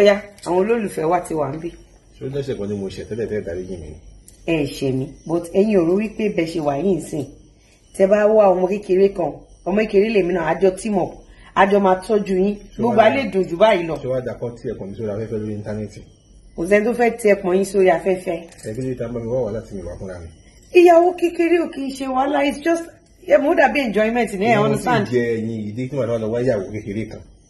ọ̀yá àwọn olólùfẹ́ wa ti wà ń bí. ṣó lẹ́sẹ̀ kan ni mo ṣẹ̀ tẹ́lẹ̀ tẹ́lẹ̀ dáríjì mi. ẹ ṣe mi but ẹ̀yin ò rò wípé bẹ ṣe wà yìí sìn tẹ́ bá wá ọmọ kékeré kan ọmọ kékeré lèmi náà àjọ team up àjọ máa tọ́jú yín gbogbo alẹ́ dojú báyìí lọ. ṣé wàá dàkọ́ tí ẹ̀kọ́ mi sórí afẹ́fẹ́ lórí íńtánẹ́ẹ̀tì. kò sẹ́ni tó fẹ́ ti ẹ̀pọ̀ yín sórí afẹ́fẹ́. ẹgbẹ́ yìí ta bá mi wá it's just ẹ mú dàbí enjoyment ní ẹ̀ understand. ìyàwó ti jẹ ẹyin ìdí kí màdàmà